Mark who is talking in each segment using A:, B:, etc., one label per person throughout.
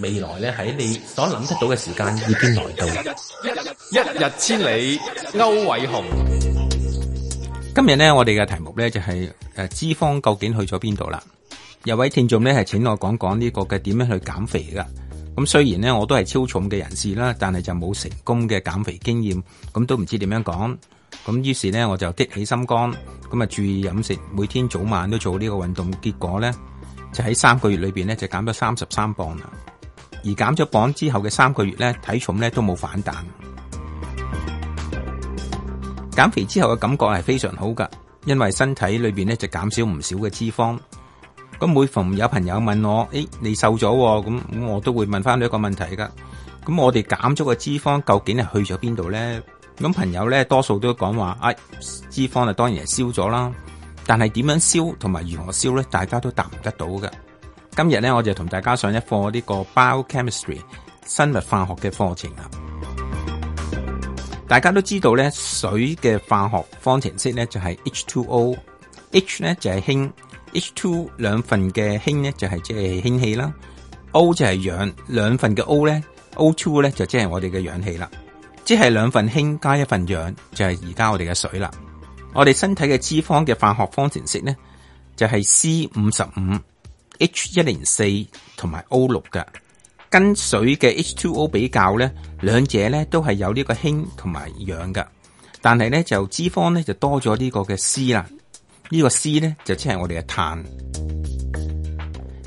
A: 未來咧喺你所諗得到嘅時間已經來到一一一一，一日千里歐煒洪。今日呢，我哋嘅題目呢就係、是、誒，脂肪究竟去咗邊度啦？有位聽眾呢係請我講講呢個嘅點樣去減肥㗎。咁雖然呢，我都係超重嘅人士啦，但係就冇成功嘅減肥經驗，咁都唔知點樣講。咁於是呢，我就激起心肝，咁啊注意飲食，每天早晚都做呢個運動，結果呢。就喺三個月裏邊咧，就減咗三十三磅啦。而減咗磅之後嘅三個月咧，體重咧都冇反彈。減肥之後嘅感覺係非常好噶，因為身體裏邊咧就減少唔少嘅脂肪。咁每逢有朋友問我，誒、欸，你瘦咗？咁咁我都會問翻你一個問題噶。咁我哋減咗個脂肪究竟係去咗邊度咧？咁朋友咧多數都講話，誒、哎，脂肪啊當然係消咗啦。但係點樣燒同埋如何燒呢？大家都答唔得到嘅。今日呢，我就同大家上一課呢個 Biochemistry 生物化學嘅課程啦。大家都知道呢，水嘅化學方程式呢就係 H2O，H 呢就係氫，H2 兩份嘅氫呢就係即係氫氣啦，O 就係氧，兩份嘅 O 呢 O2 呢就即係我哋嘅氧氣啦，即係兩份氫加一份氧就係而家我哋嘅水啦。我哋身體嘅脂肪嘅化學方程式咧，就係、是、C 五十五 H 一零四同埋 O 六嘅，跟水嘅 H two O 比較咧，兩者咧都係有呢個氫同埋氧嘅，但係咧就脂肪咧就多咗呢個嘅 C 啦，呢個 C 咧、這個、就即係我哋嘅碳，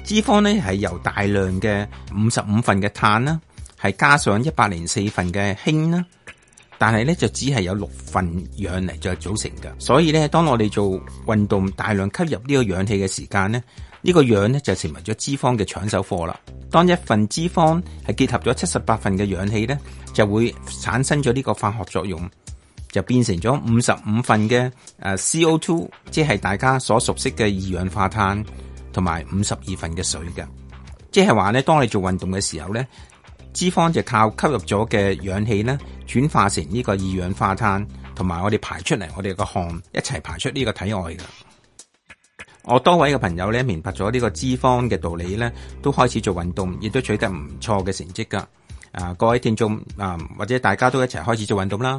A: 脂肪咧係由大量嘅五十五份嘅碳啦，係加上一百零四份嘅氫啦。但係咧，就只係有六份氧嚟再組成㗎。所以咧，當我哋做運動大量吸入呢個氧氣嘅時間咧，呢個氧咧就成為咗脂肪嘅搶手貨啦。當一份脂肪係結合咗七十八份嘅氧氣咧，就會產生咗呢個化學作用，就變成咗五十五份嘅 CO2，即係大家所熟悉嘅二氧化碳，同埋五十二份嘅水嘅。即係話咧，當你做運動嘅時候咧，脂肪就靠吸入咗嘅氧氣咧。轉化成呢個二氧化碳，同埋我哋排出嚟，我哋個汗一齊排出呢個體外嘅。我多位嘅朋友咧，明白咗呢個脂肪嘅道理咧，都開始做運動，亦都取得唔錯嘅成績㗎。啊，各位聽眾啊，或者大家都一齊開始做運動啦。